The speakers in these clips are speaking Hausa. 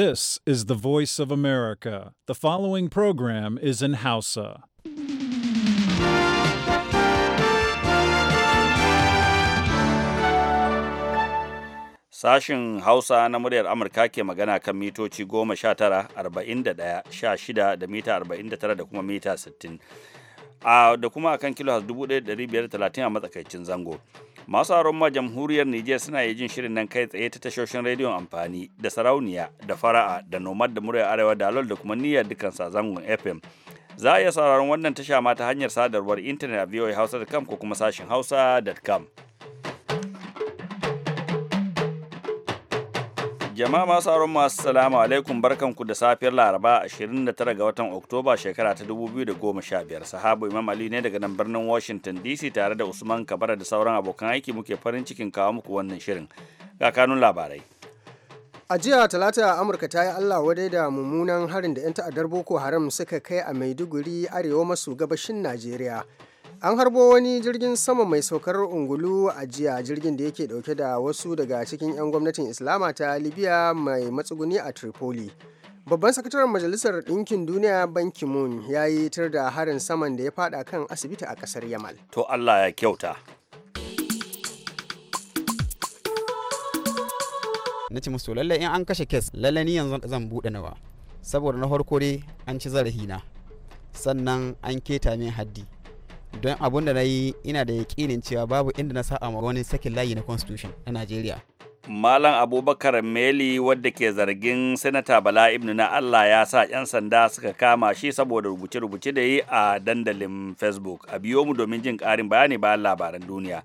This is the voice of America. The following program is in Hausa. Sashin Hausa na muryar Amurka ke magana kan mitoci goma sha tara, arba'in da ɗaya, sha shida da mita arba'in da tara da kuma mita sittin. da kuma akan kilo 1530 a matsakaicin zango masu aron ma jamhuriyar Nijar suna yi jin shirin nan kai tsaye ta tashoshin rediyon amfani da sarauniya da fara'a da nomad da murya arewa da alol da kuma niyyar dukkan sa zangon fm za a iya sauraron wannan tasha ma ta hanyar sadarwar intanet a voahausa.com ko kuma sashin hausa.com Jama'a masu auren masu salamu alaikum barkanku da safiyar Laraba 29 ga watan Oktoba shekara ta 2015. Sahabu Imam Ali ne daga nan birnin Washington DC tare da Usman Kabara da sauran abokan aiki muke farin cikin kawo muku wannan shirin. Ga kanun labarai. A jiya Talata a Amurka ta yi Allah wadai da mummunan harin da 'yan ta'addar Boko Haram suka kai a Maiduguri arewa maso gabashin Najeriya. an harbo wani jirgin sama mai saukar ungulu a jiya jirgin da yake dauke da wasu daga cikin 'yan gwamnatin islama ta libya mai matsuguni a tripoli babban sakataren majalisar ɗinkin duniya banki moon ya yi tar da harin saman da ya fada kan asibiti a ƙasar yamal to allah ya kyauta na ce musu lallai in an kashe kes lallai yanzu zan buɗe nawa saboda na farko dai an ci zarafina sannan an keta min haddi don abun da na yi ina da yaƙinin cewa babu inda na sa a wani sakin layi na constitution na Najeriya. Malam Abubakar Meli wadda ke zargin Sanata Bala Ibnu na Allah ya sa 'yan sanda suka kama shi saboda rubuce-rubuce da yi a dandalin Facebook. A biyo mu domin jin ƙarin bayani bayan labaran duniya.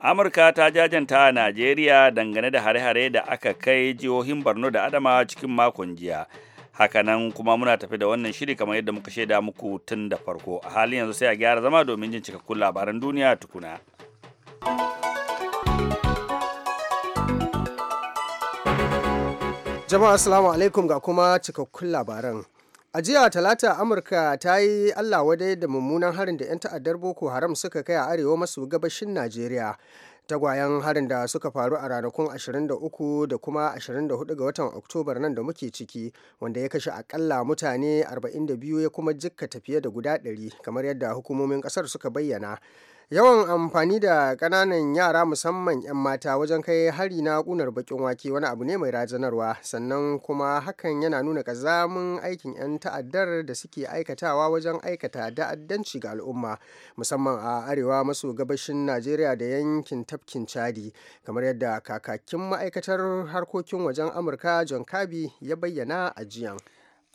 Amurka ta jajanta a Najeriya dangane da hare-hare da aka kai jihohin Borno da Adama cikin makon jiya. hakanan kuma muna tafi da wannan shiri kamar yadda muka shaida muku tun da farko a halin yanzu sai a gyara zama domin jin cikakkun labaran duniya tukuna jama'a assalamu alaikum ga kuma cikakkun labaran a jiya talata amurka ta yi allah wadai da mummunan harin da 'yan ta'addar boko haram suka kai a arewa maso gabashin najeriya tagwayen harin da suka faru a ranakun 23 da kuma 24 ga watan oktobar nan da muke ciki wanda ya kashe akalla mutane 42 ya kuma jikkata fiye da guda 100 kamar yadda hukumomin kasar suka bayyana yawan amfani da kananan yara musamman 'yan mata wajen kai hari na kunar bakin wake wani abu ne mai razanarwa sannan kuma hakan yana nuna ƙazamin aikin 'yan ta'addar da suke aikatawa wajen aikata da'addanci ga al'umma musamman a arewa maso gabashin najeriya da yankin tafkin chadi kamar yadda kakakin ma'aikatar harkokin wajen amurka john kabi ya bayyana a jiyan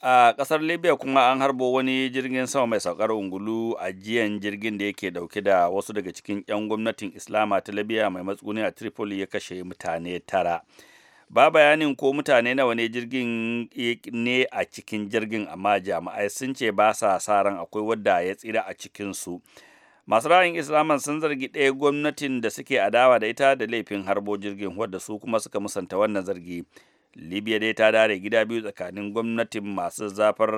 a kasar libya kuma an harbo wani jirgin sama mai saukar ungulu a jiyan jirgin da yake dauke da wasu daga cikin 'yan gwamnatin islama ta libya mai matsuni a tripoli ya kashe mutane tara ba bayanin ko mutane nawa ne jirgin ne a cikin jirgin amma jama'ai sun ce ba sa sa ran akwai wadda ya tsira a cikinsu masu ra'ayin islaman sun zargi ɗaya gwamnatin da suke adawa da ita da laifin harbo jirgin wadda su kuma suka musanta wannan zargi libya dai ta dare gida biyu tsakanin gwamnatin masu zafar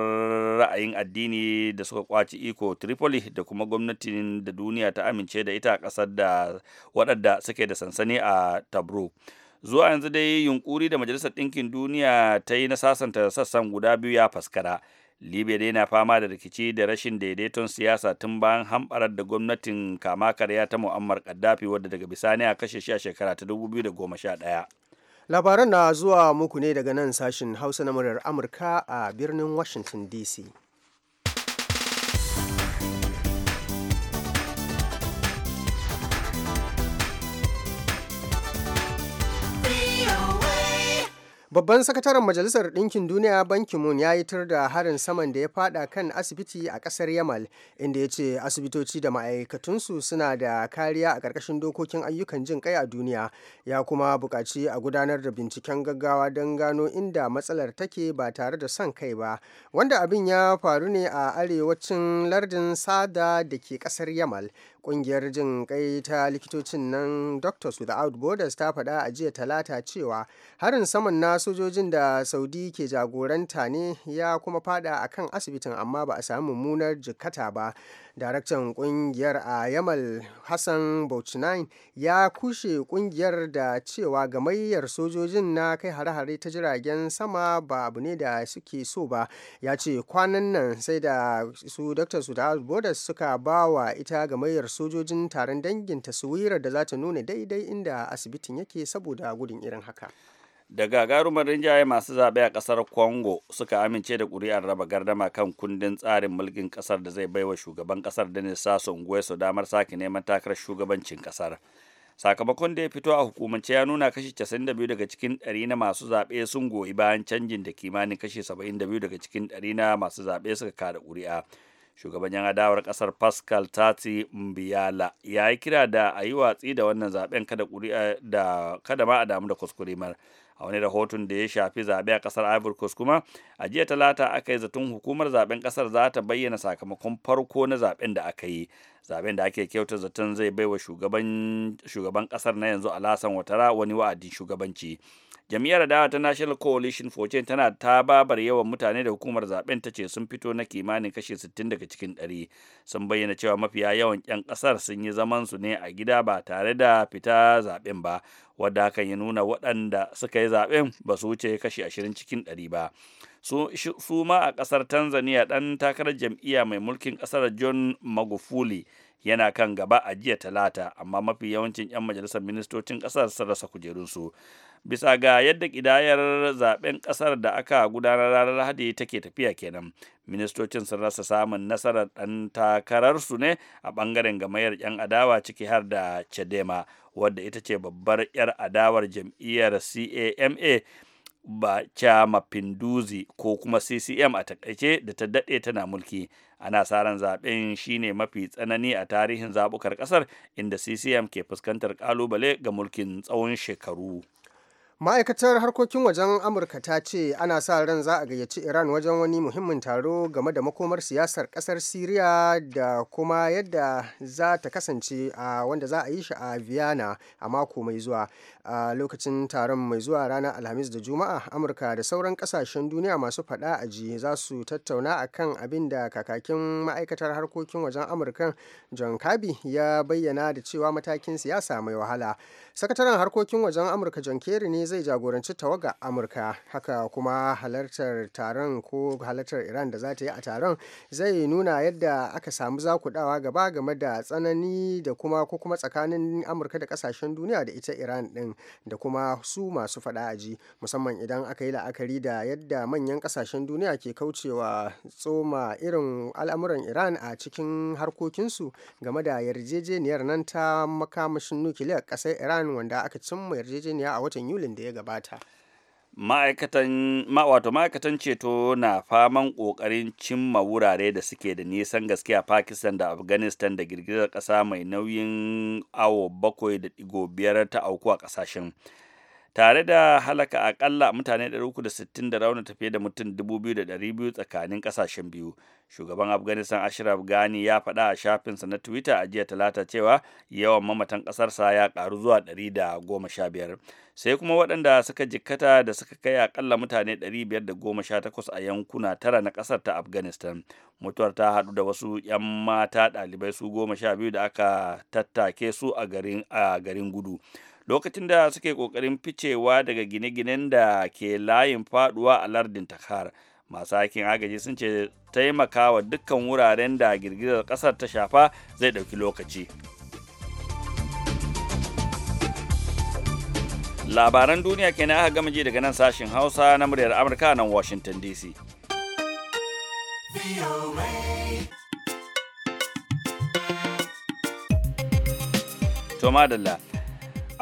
ra'ayin addini da suka kwaci iko tripoli da kuma gwamnatin da duniya ta amince da ita a ƙasar da waɗanda suke da sansani a tabruk zuwa yanzu dai yunkuri da majalisar ɗinkin duniya ta yi na sasanta sassan guda biyu ya faskara libya dai na fama da rikici da rashin daidaiton siyasa tun bayan hamɓarar da gwamnatin kama karya ta mu'ammar gaddafi wadda daga bisani a kashe shi a shekara ta 2011 labaran na zuwa muku ne daga nan sashin hausa na muryar amurka a birnin washington dc Babban sakataren Majalisar Ɗinkin Duniya Ban Ki-moon ya yi tur da harin saman da ya fada kan asibiti a ƙasar Yamal inda ya ce asibitoci da ma'aikatunsu suna da kariya a ƙarƙashin dokokin ayyukan jin kai a duniya ya kuma buƙaci a gudanar da binciken gaggawa don gano inda matsalar take ba tare da son kai ba wanda abin ya faru ne a arewacin lardin Sada da ke ƙasar Yamal Ƙungiyar jin kai ta likitocin nan Doctors Without Borders ta faɗa a jiya talata cewa harin saman na sojojin da Saudi ke jagoranta ne ya kuma fada a kan asibitin amma ba a sami mummunar jikata ba. daraktan kungiyar a yamal hassan bauchinain ya kushe kungiyar da cewa gamayyar sojojin na kai hare-hare ta jiragen sama ba abu ne da suke so ba ya ce kwanan nan sai da su dr sudan bodas suka ba wa ita gamayyar sojojin taron dangin taswirar da za ta nuna daidai inda asibitin yake saboda gudun irin haka da gagarumar rinjaye masu zaɓe a ƙasar congo suka amince da ƙuri'ar raba gardama kan kundin tsarin mulkin ƙasar da zai baiwa shugaban ƙasar denis sassou nguesso damar sake neman takarar shugabancin ƙasar sakamakon da ya fito a hukumance ya nuna kashi 92 daga cikin 100 na masu zaɓe sun goyi bayan canjin da kimanin kashi 72 daga cikin 100 na masu zaɓe suka kada ƙuri'a shugaban yan adawar kasar pascal tati mbiyala ya yi kira da a yi watsi da wannan zaben kada da kada ma a damu da kuskure mar a wani rahoton da ya shafi zaɓe a ƙasar ivory coast kuma a jiya talata aka yi zaton hukumar zaɓen ƙasar za ta bayyana sakamakon farko na zaɓen da aka yi zaɓen da ake kyauta zaton zai baiwa shugaban ƙasar na yanzu alasan watara wani wa'adin shugabanci jam'iyyar dawa ta national coalition for change tana ta babar yawan mutane da hukumar zaben ta ce sun fito na kimanin kashe 60 daga cikin 100 sun bayyana cewa mafiya yawan 'yan kasar sun yi zaman su ne a gida ba tare da fita zaben ba wadda hakan ya nuna waɗanda suka yi zaben ba su wuce kashi 20 cikin 100 ba su ma a kasar tanzania dan takarar jam'iyya mai mulkin kasar john magufuli yana kan gaba a jiya talata amma mafi yawancin 'yan majalisar ministocin kasar sun rasa kujerunsu bisa ga yadda ƙidayar zaben ƙasar da aka gudanar ranar lahadi take tafiya kenan ministocin sun rasa samun nasarar ɗan takararsu ne a ɓangaren gamayyar 'yan adawa ciki har da chadema wadda ita ce babbar 'yar adawar jam'iyyar cama ba cha mapinduzi ko kuma ccm a takaice da ta daɗe tana mulki ana sa ran zaɓen shine mafi tsanani a tarihin zaɓukar ƙasar inda ccm ke fuskantar ƙalubale ga mulkin tsawon shekaru ma'aikatar harkokin wajen amurka ta ce ana sa ran za a gayyaci iran wajen wani muhimmin taro game da makomar siyasar kasar syria da kuma yadda za ta kasance a wanda za a yi shi a vienna a mako mai zuwa a lokacin taron mai zuwa ranar alhamis da juma'a amurka da sauran kasashen duniya masu fada a ji za su tattauna akan abin da kakakin ma'aikatar harkokin wajen amurka john kirby ya bayyana da cewa matakin siyasa mai wahala sakataren harkokin wajen amurka john kerry ne zai jagoranci tawaga amurka haka kuma halartar taron ko halartar iran da za ta yi a taron zai nuna yadda aka samu zakudawa gaba game da tsanani da kuma ko kuma tsakanin amurka da kasashen duniya da ita iran din da kuma su masu faɗa aji musamman idan aka yi la'akari da yadda manyan ƙasashen duniya ke kaucewa tsoma irin al'amuran iran a cikin harkokinsu game da yarjejeniyar nan ta makamashin nukiliyar ƙasar iran wanda aka cimma yarjejeniya a watan yulin da ya gabata ma'aikatan ceto na faman ƙoƙarin cimma wurare da suke da nisan gaske a pakistan da afghanistan da girgizar ƙasa mai nauyin awo bakwai da ɗigo biyar ta auku a ƙasashen tare da halaka akalla mutane 360 da rauna tafiye da mutum 2,200 tsakanin kasashen biyu shugaban afghanistan ashraf ghani ya faɗa a shafinsa na twitter a jiya talata cewa yawan mamatan ƙasarsa ya ƙaru zuwa 115 sai kuma waɗanda suka jikkata da suka kai akalla mutane 518 a yankuna tara na ƙasar ta afghanistan mutuwar ta haɗu da wasu 'yan mata ɗalibai su 12 da aka tattake su a garin gudu lokacin da suke ƙoƙarin ficewa daga gine-ginen da ke layin faɗuwa a lardin takar masu aikin agaji sun ce taimakawa dukkan wuraren da girgizar ƙasar ta shafa zai ɗauki lokaci labaran duniya kenan aka gama ji daga nan sashen hausa na muryar amurka nan washington dc to madalla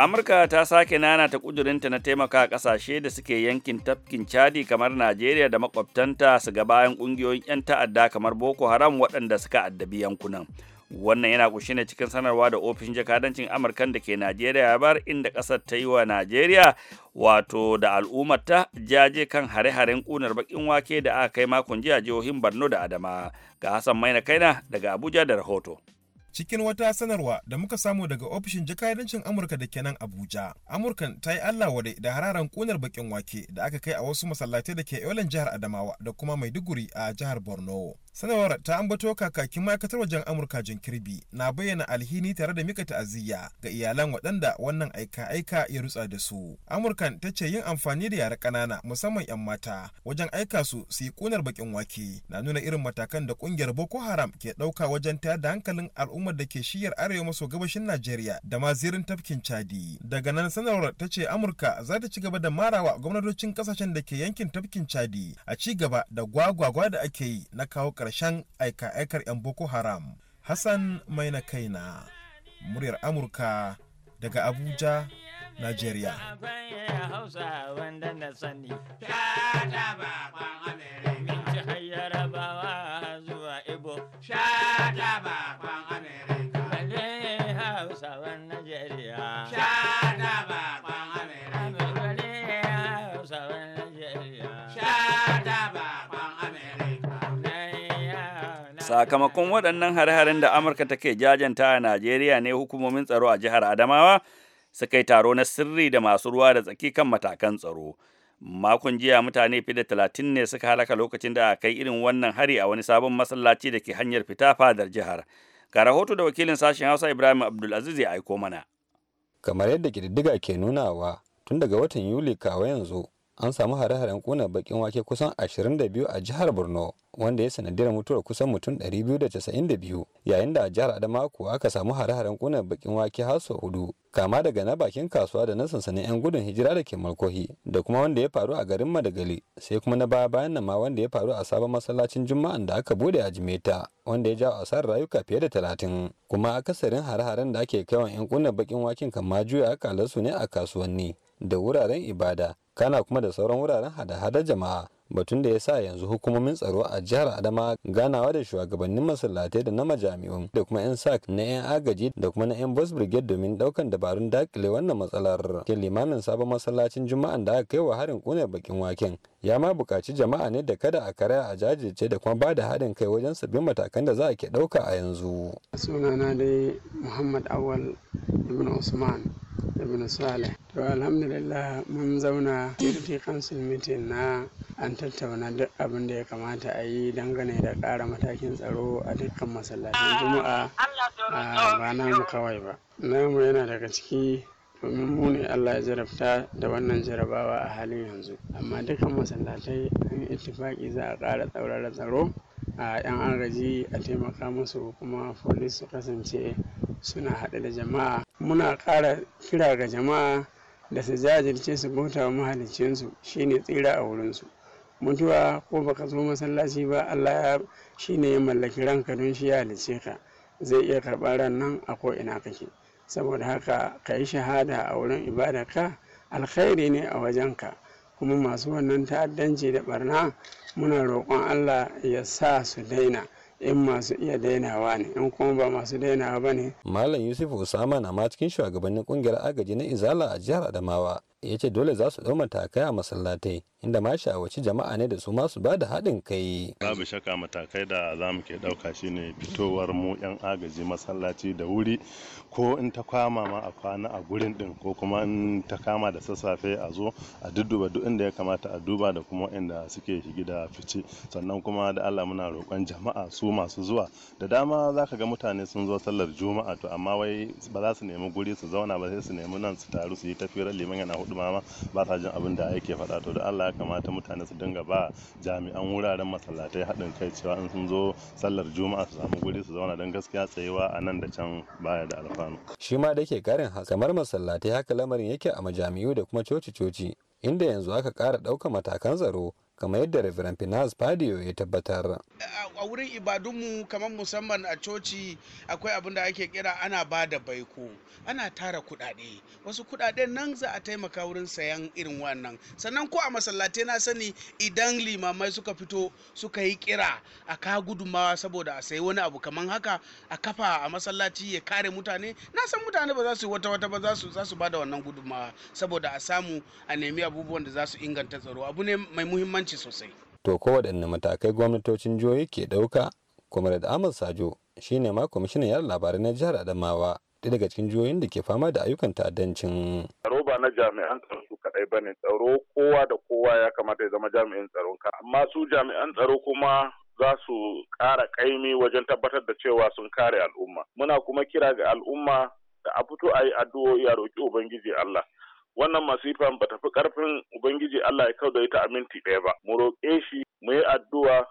Amurka ta sake nanata kudurinta na taimaka kasashe da suke yankin tafkin Chadi kamar Najeriya da makwabtanta su ga bayan ƙungiyoyin 'yan ta'adda kamar Boko Haram waɗanda suka addabi yankunan. Wannan yana kushe ne cikin sanarwa da ofishin jakadancin amurka da ke Najeriya ya bar inda ƙasar ta yi wa Najeriya wato da al'ummarta jaje kan hare-haren ƙunar bakin wake da aka kai makon jiya jihohin Borno da Adama. Ga Hassan Maina Kaina daga Abuja da rahoto. cikin wata sanarwa da muka samu daga ofishin jakadancin amurka da ke nan abuja amurkan ta yi allah wadai da hararan kunar bakin wake da aka kai a wasu masallatai da ke yolan jihar adamawa da kuma maiduguri a jihar borno sanarwar ta ambato kakakin ma'aikatar wajen amurka jin kirbi na bayyana alhini tare da mika ta'aziyya ga iyalan waɗanda wannan aika-aika ya rutsa da su amurkan ta ce yin amfani da yara ƙanana musamman 'yan mata wajen aika su su yi ƙunar bakin wake na nuna irin matakan da ƙungiyar boko haram ke ɗauka wajen tayar da hankalin al'ummar da ke shiyar arewa maso gabashin najeriya da ma zirin tafkin chadi daga nan sanarwar ta ce amurka za ta ci gaba da marawa gwamnatocin ƙasashen da ke yankin tafkin chadi a ci gaba da gwagwagwa da ake yi na kawo ƙarshen aika-aikar 'yan Boko Haram. Hassan mai kai na muryar Amurka daga Abuja, Najeriya. sakamakon waɗannan hare-haren da amurka take jajanta a najeriya ne hukumomin tsaro a jihar adamawa suka yi taro na sirri da masu ruwa da tsaki kan matakan tsaro makon jiya mutane fi da talatin ne suka halaka lokacin da kai irin wannan hari a wani sabon masallaci da ke hanyar fita fadar jihar ga rahoto da wakilin sashen hausa ibrahim abdulaziz ya aiko mana kamar yadda ke nunawa tun daga watan yuli kawo yanzu an samu hare-haren kuna bakin wake kusan 22 a jihar borno wanda ya sanadiyar mutuwar kusan mutum 292 yayin da a jihar adamawa kuwa aka samu hare-haren kuna bakin wake har sau hudu kama daga na bakin kasuwa da na sansanin 'yan gudun hijira da ke malkohi da kuma wanda ya faru a garin madagali sai kuma na baya bayan nan ma wanda ya faru a sabon masallacin juma'an da aka bude a jimeta wanda ya jawo asarar rayuka fiye da talatin kuma akasarin hare-haren da ake kaiwa 'yan kuna bakin waken kan ma juya akalarsu ne a kasuwanni da wuraren ibada kana kuma da sauran wuraren hada-hada jama'a batun da ya sa yanzu hukumomin tsaro a jihar adama ganawa da shugabannin masallatai da na majami'un da kuma 'yan sak na 'yan agaji da kuma na 'yan bus brigade domin daukan dabarun dakile wannan matsalar ke limamin sabon masallacin juma'an da aka kai wa harin kunar bakin waken ya ma buƙaci jama'a ne da kada a karaya a jajirce da kuma bada da haɗin kai wajen sabbin matakan da za a ke ɗauka a yanzu. sunana dai muhammad awal ibn usman ibn salih to alhamdulillah mun zauna kirti council meeting na an tattauna duk abin da ya kamata a yi dangane da ƙara matakin tsaro a dukkan masallatan juma'a ba namu kawai ba namu yana daga ciki domin mu ne allah ya jarabta da wannan jarabawa a halin yanzu amma dukkan masallatai an ittifaki za a ƙara tsaurara tsaro a yan agaji a taimaka musu kuma folis su kasance suna haɗe da jama'a muna ƙara kira ga jama'a da su jajirce su bauta wa mahalicinsu shine tsira a wurinsu mutuwa ko baka zo masallaci ba Allah ya shine ya mallaki ranka don shi ya halice ka zai iya karɓar ran nan a ko ina kake saboda haka ka yi shahada a wurin ibadarka alkhairi ne a wajen ka kuma masu wannan ta'addanci da barna muna roƙon Allah ya sa su daina in masu iya dainawa ne in kuma ba masu dainawa ba ne. malam yusuf usama na ma cikin shugabannin kungiyar agaji na izala a jihar adamawa ya ce dole za su ɗau takai a masallatai inda ma shawarci jama'a ne da su ma su ba da haɗin kai. babu shaka matakai da za mu ke ɗauka shine fitowar mu 'yan agaji masallaci da wuri ko in ta kwama ma a kwana a gurin ɗin ko kuma in ta kama da sassafe a zo a dudduba duk inda ya kamata a duba da kuma inda suke gida da fice sannan kuma da allah muna roƙon jama'a su masu zuwa da dama za ka ga mutane sun zo sallar juma'a to amma wai ba za su nemi guri su zauna ba sai su nemi nan su taru su yi tafiyar liman yana hudu ma ba sa jin abin da ake faɗa to da Allah ya kamata mutane su dinga ba jami'an wuraren masallatai haɗin kai cewa in sun zo sallar juma'a su samu guri su zauna don gaskiya tsayewa a nan da can baya da alfanu. shi ma da ke karin kamar masallatai haka lamarin yake a majami'u da kuma coci-coci inda yanzu aka kara ɗauka matakan tsaro kamar yadda Reverend Pinaz Padio ya tabbatar. A wurin ibadunmu kamar musamman a coci akwai abin da ake kira ana ba da baiko, ana tara kuɗaɗe. Wasu kuɗaɗe nan za a taimaka wurin sayan irin wannan. Sannan ko a masallatai na sani idan limamai suka fito suka yi kira a ka gudunmawa saboda a sayi wani abu kamar haka a kafa a masallaci ya kare mutane. Na san mutane ba za su wata wata ba za su ba da wannan gudunmawa saboda a samu a nemi abubuwan da za su inganta tsaro. Abu ne mai muhimmanci muhimmanci sosai to waɗanne matakai gwamnatocin jihohi ke ɗauka kuma da ahmad sajo shi ne ma kwamishinan yada labarai na jihar adamawa ɗaya daga cikin jihohin da ke fama da ayyukan ta'addancin. Tsaro ba na jami'an tsaro su kaɗai ba ne tsaro kowa da kowa ya kamata ya zama jami'in tsaron ka amma su jami'an tsaro kuma za su ƙara ƙaimi wajen tabbatar da cewa sun kare al'umma muna kuma kira ga al'umma da a fito a yi addu'o'i a roƙi ubangiji Allah wannan masifan ba tafi karfin ubangiji Allah ya kauda ita a minti ɗaya ba mu roƙe shi mu yi addu'a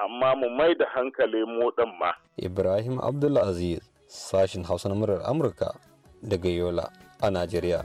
amma mu mai da hankali mu ɗan ma Ibrahim Abdulaziz sashin Hausa na murar Amurka daga Yola a Najeriya.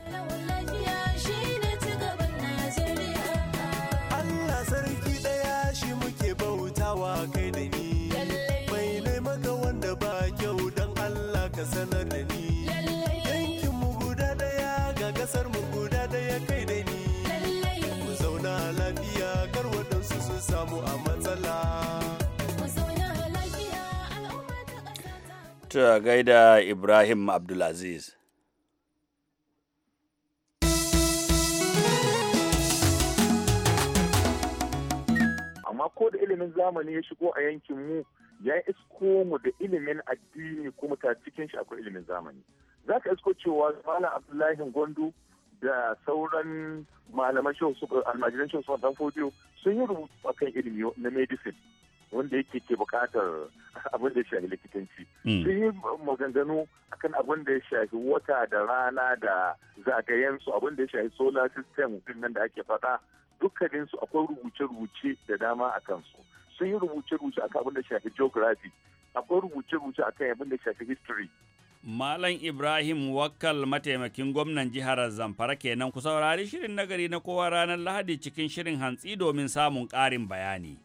ta gaida Ibrahim Abdulaziz. Amma ko da ilimin zamani ya shigo a yankin mu ya isko mu da ilimin addini kuma ta cikin shi akwai ilimin zamani. Za ka isko cewa Malam Abdullahi Gwandu da sauran malaman shi almajiran shehu sun yi rubutu a kan ilimi na medicine. wanda yake ke bukatar abin da shafi likitanci hmm. sun yi maganganu akan abin da shafi wata da rana da zagayensu abin da shafi solar system din nan da ake faɗa dukkaninsu akwai rubuce-rubuce da dama a kansu sun yi rubuce-rubuce akan abin da shafi geography akwai rubuce-rubuce akan abin da shafi history Malam Ibrahim wakal mataimakin gwamnan jihar Zamfara kenan ku saurari shirin nagari na kowa ranar Lahadi cikin shirin hantsi domin samun ƙarin bayani.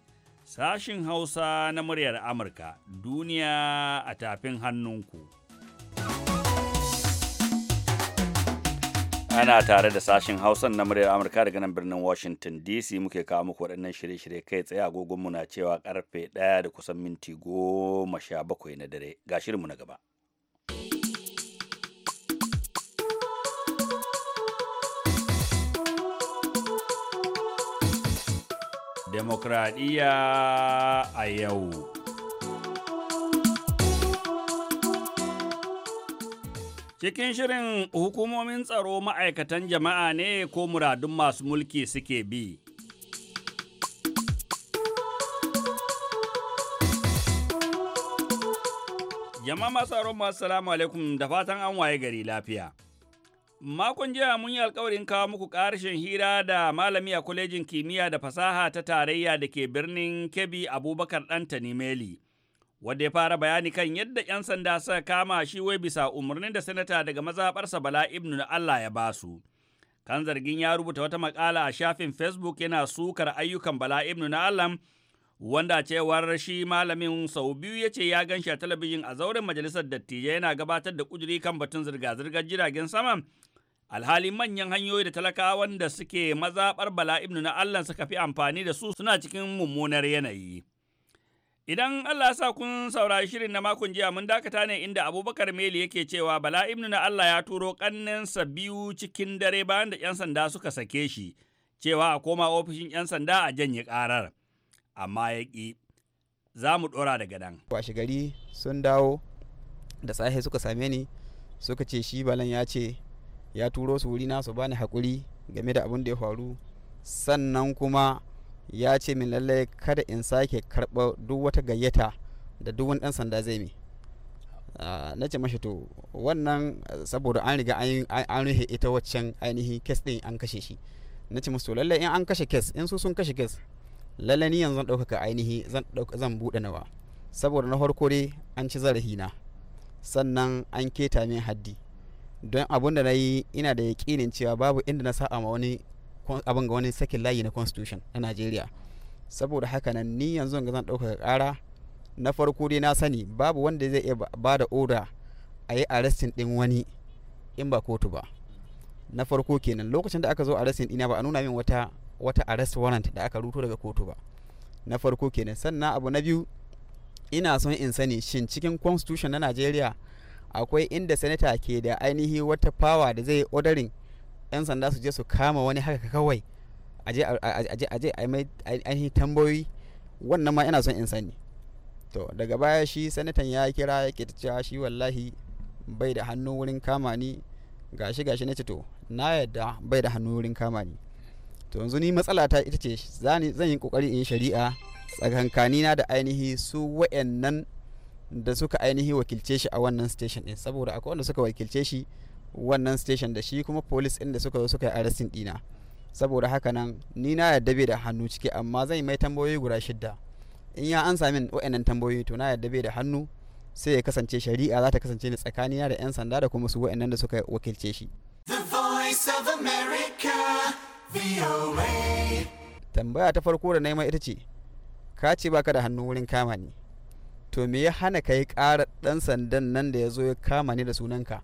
Sashin Hausa na muryar Amurka duniya a tafin hannunku. Ana tare da sashin Hausa na muryar Amurka daga nan birnin Washington DC muke kawo muku waɗannan shirye-shirye kai tsaye agogonmu na cewa karfe ɗaya da kusan minti goma sha bakwai na dare ga shirinmu na gaba. demokradiyya a yau. Cikin shirin hukumomin tsaro ma'aikatan jama'a ne ko muradun masu mulki suke bi. Jama'a masu tsaron masu salamu alaikum da fatan an waye gari lafiya. Makon jiya mun yi alkawarin kawo muku ƙarshen hira da malami a kwalejin kimiyya da fasaha ta tarayya da ke birnin Kebbi Abubakar Ɗantani Meli. Wadda ya fara bayani kan yadda 'yan sanda suka kama shi wai bisa umarnin da sanata daga mazaɓarsa Bala Ibnu na Allah ya basu. Kan zargin ya rubuta wata maƙala a shafin Facebook yana sukar ayyukan Bala Ibnu na Allah wanda cewar shi malamin sau biyu ya ce ya gan shi a talabijin a zauren majalisar dattijai yana gabatar da kujeri kan batun zirga-zirgar jiragen sama alhali manyan hanyoyi da talakawan wanda suke mazaɓar bala ibnu na allah suka fi amfani da su suna cikin mummunar yanayi idan allah sa kun saurari shirin na makon jiya mun dakata ne inda abubakar meli yake cewa bala ibnu na allah ya turo kannensa biyu cikin dare bayan da 'yan sanda suka sake shi cewa a koma ofishin 'yan sanda a janye ƙarar amma ya ƙi za mu ɗora daga nan. washe gari sun dawo da sahe suka same ni suka ce shi balan ya ce ya turo su wuri na su bani haƙuri game da abin da ya faru sannan kuma ya ce min lallai kada in sake karɓa duk wata gayyata da duk wani ɗan sanda zai mi ah, na ce mashi to wannan saboda an riga an rufe ita waccan ainihin kes ɗin an kashe shi na ce musu lallai in an kashe kes in su sun kashe kes lalle ni yanzu dauka ɗaukaka ainihi zan buɗe nawa saboda na farko dai an ci zarafi na sannan an keta min haddi don abun da na yi ina da yaƙinin cewa babu inda na sa'a ma wani abin ga wani sakin layi na constitution na najeriya saboda haka nan ni yanzu zan ɗaukaka ƙara na farko dai na sani babu wanda zai iya ba da oda a yi arrestin ɗin wani in ba kotu ba na farko kenan lokacin da aka zo arrestin ɗina ba a nuna min wata wata arrest warrant da aka ruto daga kotu ba na farko kenan sannan abu na biyu ina son in sani shin cikin constitution na Najeriya akwai inda senator ke da ainihi wata power da zai ordering yan sanda su je su kama wani haka kawai aje aje a mai ainihin tambayoyi wannan ma ina son in sani to daga baya shi sanatan ya kira ya cewa shi wallahi bai da hannu wurin kama ni gashi gashi na ce to na yadda bai da hannu wurin kama ni to yanzu ni matsala ta ita ce zan yi kokari in shari'a tsakankanina da ainihi su wa'annan da suka ainihi wakilce shi a wannan station din saboda akwai wanda suka wakilce shi wannan station da shi kuma police din da suka zo suka yi arrestin dina saboda haka nan ni na yadda bai da hannu ciki amma zan yi mai tambayoyi guda shidda in ya ansa min wa'annan tambayoyi to na yadda bai da hannu sai ya kasance shari'a za ta kasance ni tsakanina da 'yan sanda da kuma su wa'annan da suka wakilce shi The Voice of America tambaya ta farko da naima ita ce ka ce baka da hannu wurin kama ni to me ya hana ka yi ƙara ɗan sandan nan da ya zo ya kama ni da sunanka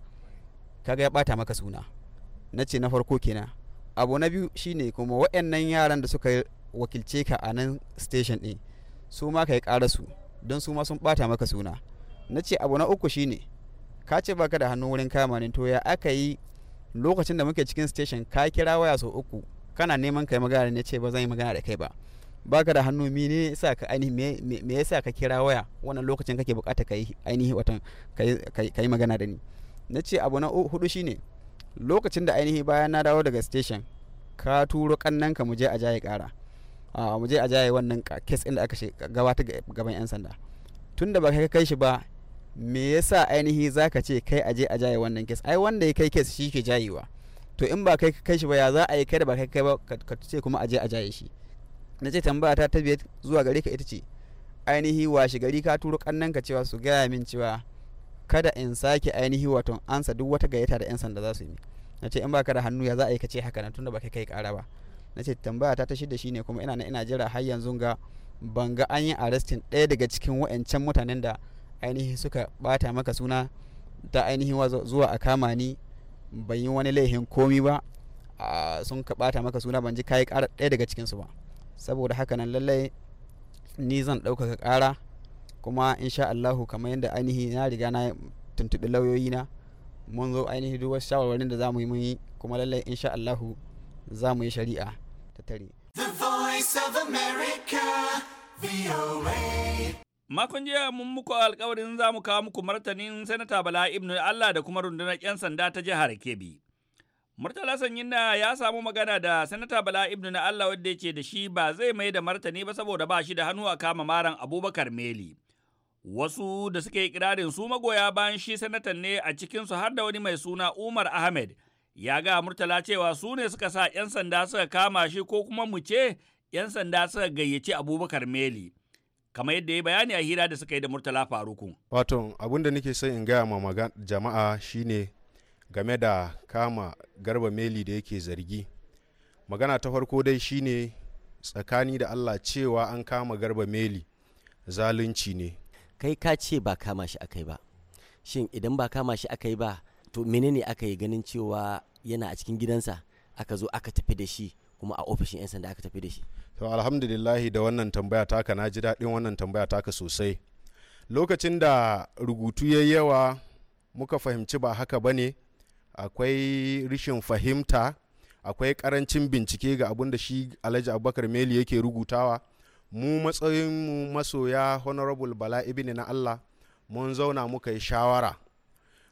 kaga ya ɓata maka suna na ce na farko kenan abu na biyu shine kuma waɗannan yaran da suka wakilce ka a nan station ɗin su ma ka yi ƙara su don su ma sun ɓata maka suna na ce abu na uku shine ka ce baka da hannu wurin kama ni to ya aka yi lokacin da muke cikin station ka kira waya sau uku kana neman kai magana ne ce ba zan yi magana da kai ba baka da hannu mi ne yasa ka ainihi me yasa ka kira waya wannan lokacin kake bukata kai ainihi watan kai magana da ni na ce abu na hudu shine lokacin da ainihi bayan na dawo daga station ka turo kannan ka mu je a jaye kara a mu je a jaye wannan kes din da aka gabata gaban yan sanda tunda ba kai kai shi ba me yasa ainihi zaka ce kai aje a jaye wannan kes ai wanda ya kai kes shi ke jayewa to in ba kai kai shi ba ya za a yi kai da ba kai kai ba ka ce kuma aje a jaye shi na ce tambaya ta tabbiyar zuwa gare ka ita ce ainihi wa shi gari ka turo kannan ka cewa su gaya min cewa kada in sake ainihi wato ansa duk wata gayyata da yan sanda za su yi na ce in ba ka da hannu ya za a yi ka ce haka nan tunda ba kai kai kara ba na ce tambaya ta ta shi shine kuma ina na ina jira har yanzu ga ban ga an yi arrestin ɗaya daga cikin wa'ancan mutanen da ainihi suka bata maka suna ta ainihin zuwa a kama ni ban yi wani laihin komi ba sun ka maka suna ban ji kayi ƙara ɗaya daga cikinsu ba saboda haka nan lallai ni zan ɗaukaka kara kuma insha Allahu kamar yadda ainihi na riga na tuntuɓi lauyoyi na mun zo ainihi duk wasu shawarwarin da za mu yi mun yi kuma lallai insha Allahu za mu yi shari'a ta tare. The Voice of America, VOA. Makon jiya mun muku alkawarin za mu kawo muku martanin Sanata Bala Ibn Allah da kuma rundunar 'yan sanda ta jihar Kebbi. Murtala Sanyinna ya samu magana da Sanata Bala Ibn Allah wadda ya da shi ba zai mai da martani ba saboda ba shi da hannu a kama maran Abubakar Meli. Wasu da suke ikirarin su magoya bayan shi sanatan ne a cikinsu har da wani mai suna Umar Ahmed. Ya ga Murtala cewa su ne suka sa 'yan sanda suka kama shi ko kuma mu ce 'yan sanda suka gayyaci Abubakar Meli. kamar yadda ya bayani a hira da suka yi da murtala faruku. wato abin da nake son in gaya ma jama'a shine game da kama garba meli da yake zargi magana ta farko dai shine tsakani da allah cewa an kama garba meli zalunci ne kai ka ce ba kama shi aka yi ba shin idan ba kama shi aka yi ba to menene aka yi ganin cewa yana a cikin gidansa aka zo aka tafi da shi kuma a ofishin 'yan sanda aka tafi da shi to alhamdulillahi da wannan tambaya taka na ji daɗin wannan tambaya taka sosai lokacin da rubutu ya yawa muka fahimci ba haka ba ne akwai rishin fahimta akwai karancin bincike ga abin da shi alhaji abubakar meli yake rubutawa mu mu masoya honorable bala ibn na allah mun zauna muka yi shawara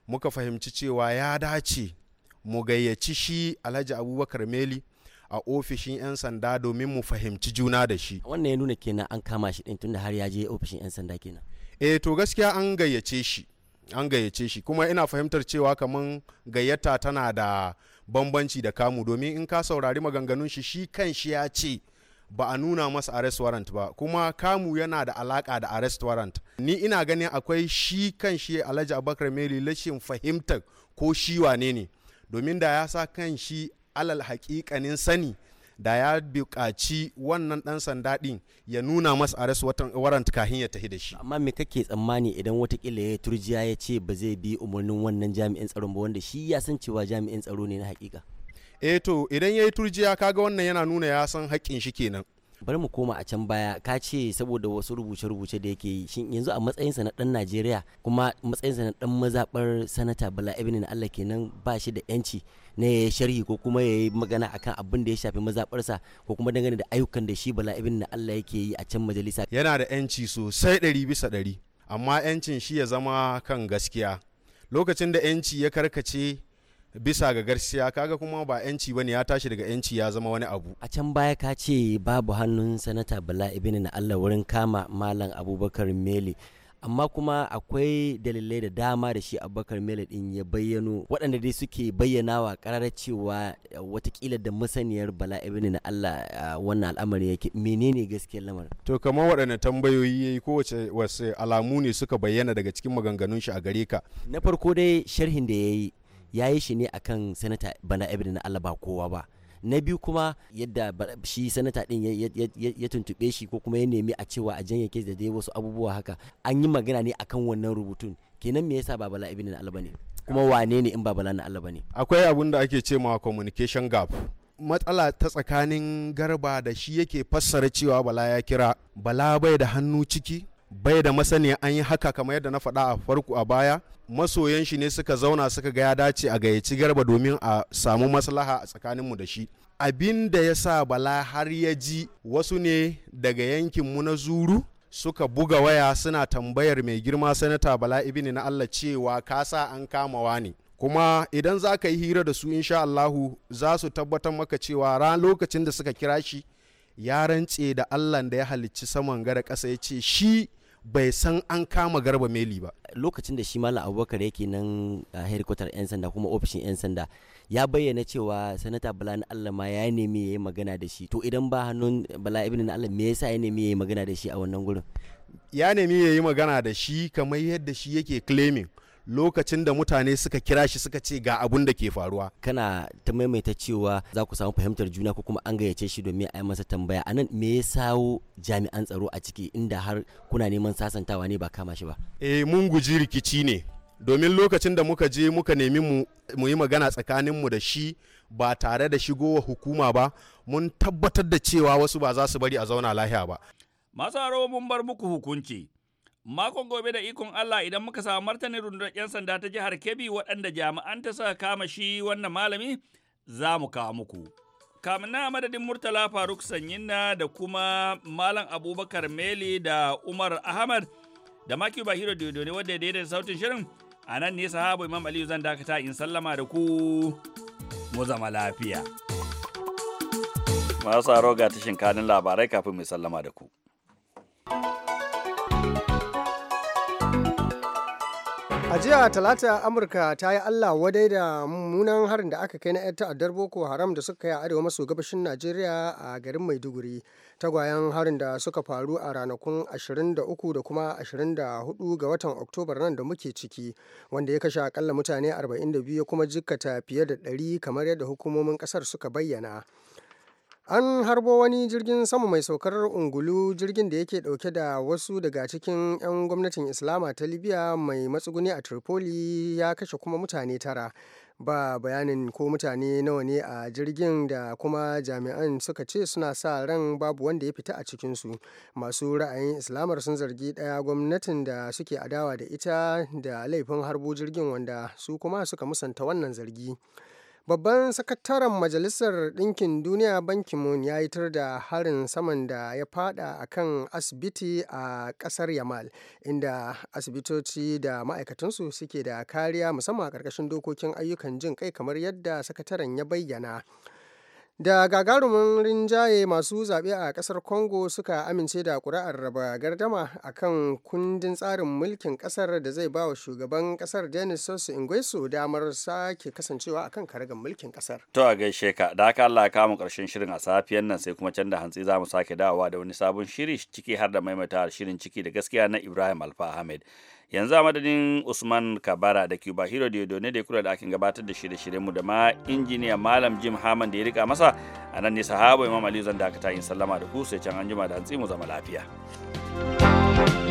muka fahimci cewa ya dace mu gayyaci shi alhaji abubakar meli a ofishin 'yan sanda domin mu fahimci juna da shi wannan ya nuna kenan an kama shi din tunda har ya je ofishin 'yan sanda kenan eh to gaskiya an gayyace shi an gayyace shi kuma ina fahimtar cewa kamar gayyata tana da bambanci da kamu domin in ka saurari maganganun shi shi kan shi ya ce ba a nuna masa arrest warrant ba kuma kamu yana da alaka da arrest warrant ni ina ganin akwai shi kan shi alhaji abakar rashin fahimtar ko shi wane ne domin da ya sa kan shi alal hakikanin sani da ya buƙaci wannan ɗan sanda ɗin ya nuna masa arrest waran kahin ya tafi da shi. Amma me kake tsammani idan watakila ya turjiya ya ce ba zai bi umarnin wannan jami'in tsaro ba wanda shi ya san cewa jami'in tsaro ne na hakika. Eh to idan ya yi turjiya kaga wannan yana nuna ya san haƙƙin shi kenan. bari mu koma a can baya ka ce saboda wasu rubuce-rubuce da yake yi shin yanzu a matsayinsa na dan najeriya kuma matsayinsa na dan mazabar sanata bala ibn na allah kenan ba shi da yanci na ya sharhi ko kuma ya yi magana akan abin da ya shafi mazaɓarsa ko kuma dangane da ayyukan da shi bala ibn na allah yake yi a can majalisa yana da yanci sosai ɗari bisa ɗari amma yancin shi ya zama kan gaskiya lokacin da yanci ya karkace bisa ga garsiya kaga kuma ba yanci ba ne ya tashi daga yanci ya zama wani abu a can baya ka ce babu hannun sanata bala ibini na allah wurin kama malam abubakar mele amma kuma akwai dalilai da dama da shi abubakar mele din ya bayyano waɗanda dai suke bayyanawa karar cewa eh, watakila da masaniyar bala ibini na allah eh, wannan al'amari yake menene gaskiyar lamar to kamar waɗanda tambayoyi yayi kowace wasu alamu ne suka bayyana daga cikin maganganun shi a gare ka na farko dai sharhin da ya yi ya yi shi ne a kan sanata bana ebir allah ba kowa ba na biyu kuma yadda shi sanata din ya tuntube shi ko kuma ya nemi a cewa a janye kes da dai wasu abubuwa haka an yi magana ne akan wannan rubutun kenan me yasa ba bala ibn na allah bane kuma wane ne in ba bala na allah bane akwai abun da ake ce ma communication gap matsala ta tsakanin garba da shi yake fassara cewa bala ya kira bala bai da hannu ciki bai da masaniya an yi haka kamar yadda na faɗa a farko a baya masoyan shi ne suka zauna suka ga ya dace a gayyaci garba domin a samu maslaha a tsakaninmu da shi abin da ya sa bala har ya ji wasu ne daga yankin mu na zuru suka buga waya suna tambayar mai girma sanata bala ibini na allah cewa kasa an kamawa ne kuma idan za ka yi hira da su insha allahu za su tabbatar maka cewa ran lokacin da suka kira shi ya rantse da allah da ya halicci saman gara ƙasa ya ce shi bai san an kama garba meli ba lokacin da shi malam abubakar yake nan a herikotar 'yan sanda kuma ofishin 'yan sanda ya bayyana cewa sanata bala na allah ma ya nemi ya yi magana da shi to idan ba hannun bala ibn na allah me yasa ya nemi ya yi magana da shi a wannan gurin ya nemi ya yi magana da shi kamar yadda shi yake claiming lokacin da mutane suka kira shi suka ce ga abun da ke faruwa kana ta maimaita cewa za ku samu fahimtar juna ko kuma an gayyace shi domin a yi masa tambaya anan me ya sawo jami'an tsaro a ciki inda har kuna neman sasantawa ne ba kama shi ba eh mun guji rikici ne domin lokacin da muka je muka nemi mu yi magana tsakanin mu da shi ba tare da shigowa hukuma ba mun tabbatar da cewa wasu ba za su bari a zauna lahiya ba. Masu mun bar muku hukunci. Makon gobe da ikon Allah idan muka samu martanin rundunar 'yan sanda ta jihar Kebbi waɗanda jami'an ta suka kama shi wannan malami za mu kawo muku. Kamin na madadin Murtala Faruk Sanyinna da kuma Malam Abubakar Meli da Umar Ahmad da Maki Bahiro Dodo ne wadda ya daidaita sautin shirin a nan ne sahabu Imam Aliyu zan dakata in sallama da ku mu zama lafiya. Masu ga tashin kanin labarai kafin mai sallama da ku. A jiya Talata Amurka ta yi Allah wadai da mummunan harin da aka kai na 'yan ta'addar Boko Haram da suka kai a arewa maso gabashin Najeriya a garin Maiduguri. Tagwayen harin da suka faru a ranakun 23 da kuma 24 ga watan Oktobar nan da muke ciki, wanda ya kashe akalla mutane 42 kuma jikkata fiye da 100 kamar yadda hukumomin kasar suka bayyana. An harbo wani jirgin sama mai saukar ungulu jirgin da yake dauke da wasu daga cikin 'yan gwamnatin Islama ta Libya mai matsuguni a Tripoli ya kashe kuma mutane tara. Ba bayanin ko mutane nawa ne a jirgin da kuma jami'an suka ce suna sa ran babu wanda ya fita a cikinsu. Masu ra'ayin Islamar sun zargi ɗaya gwamnatin da suke adawa da ita da laifin harbo jirgin wanda su kuma suka musanta wannan zargi. Babban sakataren Majalisar Ɗinkin Duniya Ban Ki-moon ya yitar da harin saman da ya fada a kan asibiti a ƙasar Yamal, inda asibitoci da ma'aikatansu suke da kariya musamman a ƙarƙashin dokokin ayyukan jin kai kamar yadda sakataren ya bayyana. da gagarumin rinjaye masu zaɓe a ƙasar congo suka amince da ƙuri'ar raba gardama a kan kundin tsarin mulkin ƙasar da zai ba wa shugaban ƙasar denis sosu ingwesu damar sake kasancewa a kan karagar mulkin ƙasar to a gaishe ka da haka allah ka mu ƙarshen shirin a safiyan nan sai kuma can da hantsi za mu sake dawowa da wani sabon shiri ciki har da maimaita shirin ciki da gaskiya na ibrahim alfa ahmed yanzu a madadin usman kabara da cuba hero da ne da ya kula da akin gabatar da shirye shiryenmu mu da ma injiniya malam jim haman da ya rika masa a nan ne sahaba imam aliyu zan dakata yin sallama da ku sai can anjima da hantsi mu zama lafiya thank you